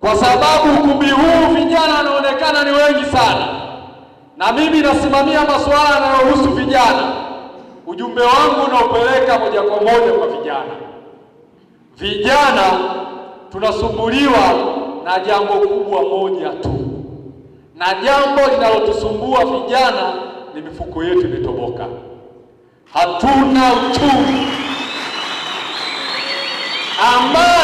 kwa sababu ukumbi huu vijana anaonekana ni wengi sana, na mimi nasimamia masuala yanayohusu vijana. Ujumbe wangu unaopeleka moja kwa moja kwa vijana. Vijana tunasumbuliwa na jambo kubwa moja tu, na jambo linalotusumbua vijana ni mifuko yetu imetoboka, hatuna uchumi ambao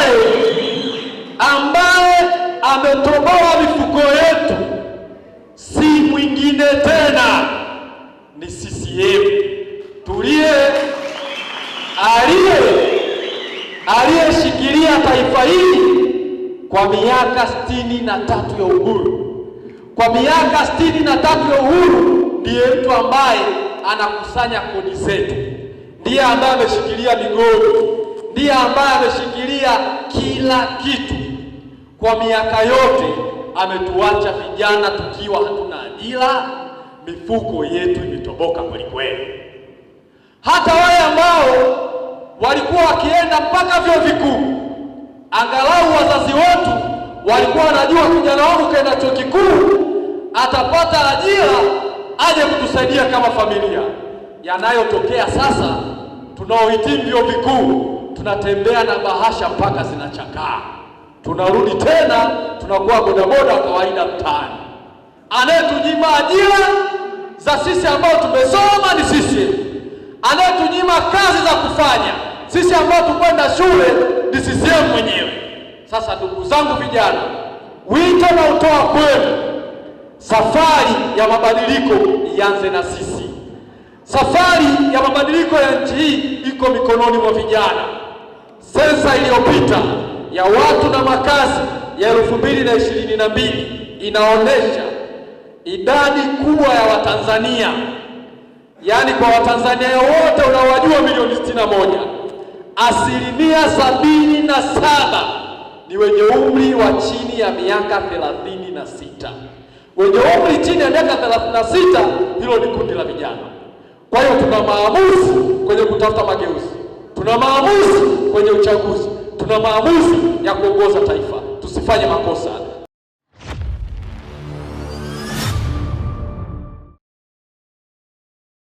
ametoboa mifuko yetu, si mwingine tena ni CCM Tulie aliye aliyeshikilia taifa hili kwa miaka sitini na tatu ya uhuru. Kwa miaka sitini na tatu ya uhuru, ndiye mtu ambaye anakusanya kodi zetu, ndiye ambaye ameshikilia migodi, ndiye ambaye ameshikilia kila kitu. Kwa miaka yote ametuacha vijana tukiwa hatuna ajira, mifuko yetu imetoboka kwelikweli. Hata wale ambao walikuwa wakienda mpaka vyuo vikuu, angalau wazazi wetu walikuwa wanajua kijana wangu kaenda chuo kikuu atapata ajira, aje kutusaidia kama familia. Yanayotokea sasa, tunaohitimu vyuo vikuu tunatembea na bahasha mpaka zinachakaa tunarudi tena tunakuwa bodaboda wa kawaida mtaani. Anayetunyima ajira za sisi ambao tumesoma ni sisi, anayetunyima kazi za kufanya sisi ambao tukwenda shule ni CCM mwenyewe. Sasa ndugu zangu vijana, wito na utoa kwenu, safari ya mabadiliko ianze na sisi. Safari ya mabadiliko ya nchi hii iko mikononi mwa vijana. Sensa iliyopita ya watu na makazi ya elfu mbili na ishirini na mbili inaonyesha idadi kubwa ya Watanzania, yaani kwa Watanzania wote unaowajua milioni sitini na moja asilimia sabini na saba ni wenye umri wa chini ya miaka thelathini na sita wenye umri chini ya miaka thelathini na sita hilo ni kundi la vijana. Kwa hiyo tuna maamuzi kwenye kutafuta mageuzi, tuna maamuzi kwenye uchaguzi tuna maamuzi ya kuongoza taifa, tusifanye makosa.